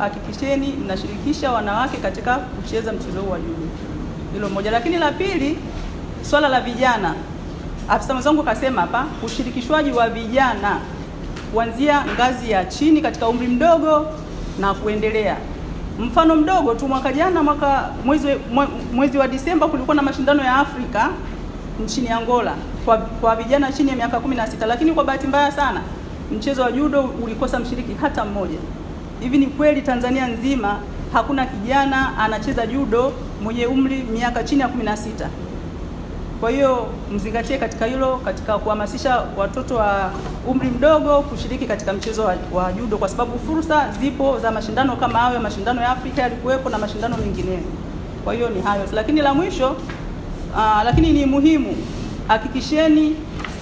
Hakikisheni mnashirikisha wanawake katika kucheza mchezo huu wa judo, hilo moja. Lakini la pili, swala la vijana, afisa mwenzangu akasema hapa, ushirikishwaji wa vijana kuanzia ngazi ya chini katika umri mdogo na kuendelea. Mfano mdogo tu, mwaka jana, mwaka mwezi mwezi wa Disemba, kulikuwa na mashindano ya Afrika nchini Angola kwa, kwa vijana chini ya miaka 16, lakini kwa bahati mbaya sana mchezo wa judo ulikosa mshiriki hata mmoja hivi ni kweli Tanzania nzima hakuna kijana anacheza judo mwenye umri miaka chini ya sita Kwa hiyo mzingatie katika hilo, katika kuhamasisha watoto wa umri mdogo kushiriki katika mchezo wa, wa judo, kwa sababu fursa zipo za mashindano kama hayo. Mashindano ya Afrika yalikuwepo na mashindano mengineyo. Kwa hiyo ni hayo, lakini la mwisho aa, ah, lakini ni muhimu, hakikisheni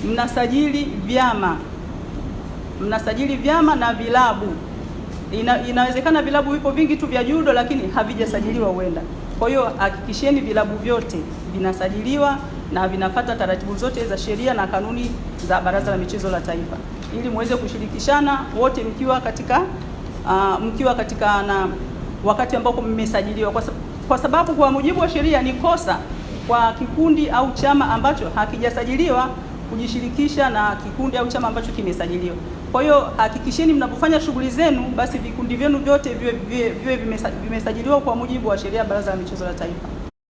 mnasajili vyama, mnasajili vyama na vilabu Ina, inawezekana vilabu vipo vingi tu vya judo lakini havijasajiliwa huenda. Kwa hiyo hakikisheni vilabu vyote vinasajiliwa na vinafata taratibu zote za sheria na kanuni za Baraza la Michezo la Taifa ili muweze kushirikishana wote mkiwa katika uh, mkiwa katika na wakati ambapo mmesajiliwa, kwa sababu kwa mujibu wa sheria ni kosa kwa kikundi au chama ambacho hakijasajiliwa kujishirikisha na kikundi au chama ambacho kimesajiliwa. Kwa hiyo hakikisheni mnapofanya shughuli zenu, basi vikundi vyenu vyote viwe vimesajiliwa kwa mujibu wa sheria ya Baraza la Michezo la Taifa.